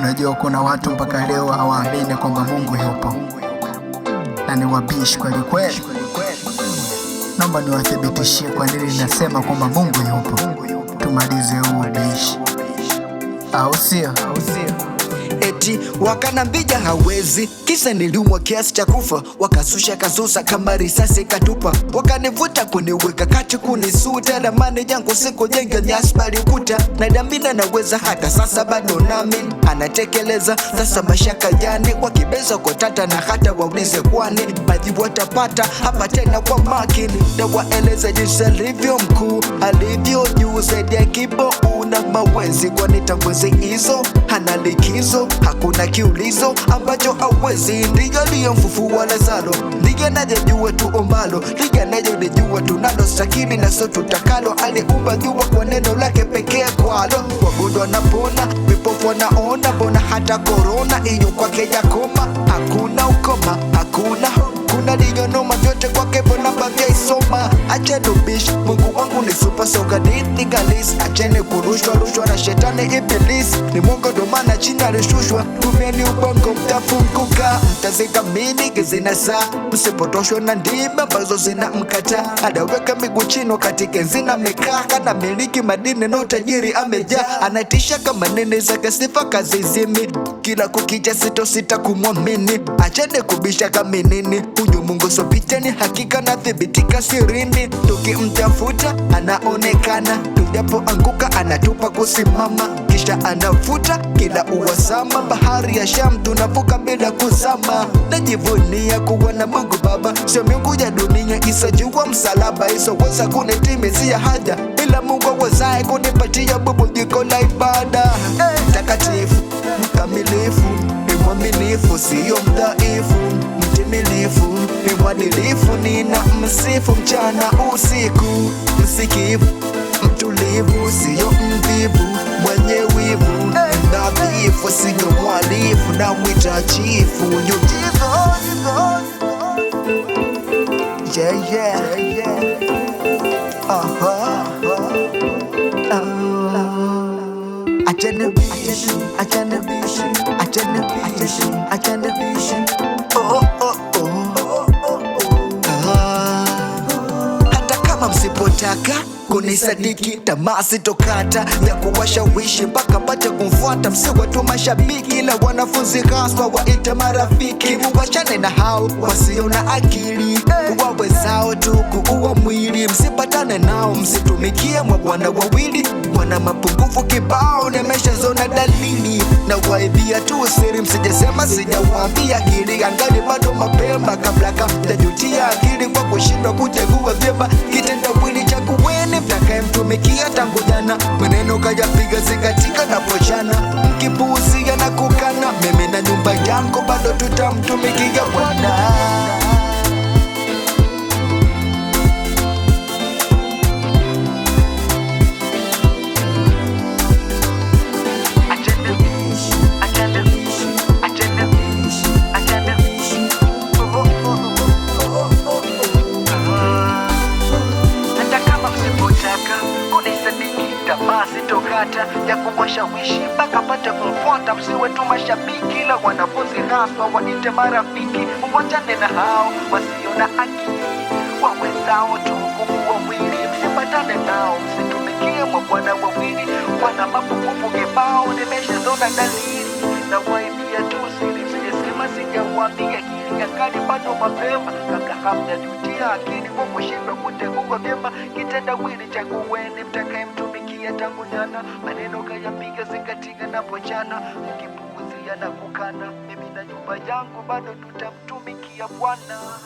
Unajua, kuna watu mpaka leo hawaamini kwamba Mungu yupo, na ni wabishi kweli kweli. Naomba niwathibitishie kwa nini ninasema kwamba Mungu yupo. Tumalize huu ubishi, au sio? Eti wakanambija hawezi Kisa niliumwa kiasi cha kufa, wakasusha kasusa kama risasi katupa, wakanivuta kuniweka kati kunisuta, ramani yangu siku jenga ni bali kuta, na damina naweza hata sasa bado nami anatekeleza. Sasa mashaka yani wakibeza kwa tata na hata waulize kwani baji watapata hapa tena kwa makini, waeleza jinsi alivyo mkuu alivyo juu zaidi ya kibo una mawezi kwani tanguzi hizo hana likizo hakuna kiulizo ambacho awezi si ndiyo lazalo ndige na jua tu ombalo, ligeneje lijua tunalo, lakini na so tutakalo. Aliumba jua kwa neno lake pekee, kwalo wagonjwa pona vipofu wanaona, mbona hata korona iyo kwake yakoma. Hakuna ukoma, hakuna kuna noma vyote kwake mbona bavyaisoma ache bish Mungu wangu ni super soka dithi galisi, kurushwa rushwa na shetani ibilisi. Ni Mungu ndo china rishushwa alishushwa, tumieni ubongo mtafunguka, mtazika minigi zinasaa, msipotoshwe na ndima ambazo zina mkata adaweka migu chino wakati kenzi mekaa, kana miliki madini na utajiri amejaa, anatisha kama nini zake sifa kazizimi, kila kukicha sito sita kumwamini, achene kubisha kama nini, huyu Mungu sopiteni, hakika nathibitika sirini chini, tukimtafuta anaonekana, tujapoanguka anatupa kusimama, kisha anafuta kila uwasama. Bahari ya sham tunavuka bila kuzama. Najivunia kuwa na Mungu Baba, sio miungu ya dunia isajua msalaba, isoweza kunitimizia haja, ila Mungu awezaye kunipatia bubujiko la ibada. Hey, takatifu mkamilifu, ni mwaminifu, siyo mdhaifu mwadilifu, nina msifu mchana usiku, msikivu, mtulivu, siyo mvivu, mwenye wivu, nadhifu, siyo mwalifu, na mwita chifu yeah, yeah. Uh-huh. Uh-huh. Achana bishi, achana bishi, achana bishi, achana bishi Ukitaka kunisadiki tamasi tokata ya kuwashawishi mpaka pate kumfuata. Msiwe mashabiki na wanafunzi haswa, waite marafiki, muwachane na hao wasiona na akili, wawezao tu kuua mwili. Msipatane nao, msitumikie mwabwana wawili, wana mapungufu kibao, nimeshazona dalili na waibia tu siri, msijasema sijawambia Akili angali bado mapema, kabla kafta jutia akili kwa kushindwa kuchagua vyema kutumikia tangu jana, maneno kayapiga zingatika na poshana, mkipuuzia na kukana, mimi na nyumba yangu bado tutamtumikia Bwana. kutokata ya kumwashawishi mpaka pate kumfuata. Msiwe tu mashabiki la wanafunzi haswa, waite marafiki, uwachane na hao wasio na akili wawezao tu wawili. Msipatane nao, msitumikie mabwana wawili, wana mapungufu kibao. zona dalili na waibia tu siri sijasema, sijawaambia kiligakani bado mapema, kabla hamjajutia akili kwa kushindwa kutegua vyema kitendawili, chagueni mtakayemtu mkilia tangu jana, maneno kayapiga zikatika na pochana, mkipuuzia na kukana. Mimi na nyumba yangu bado tutamtumikia Bwana.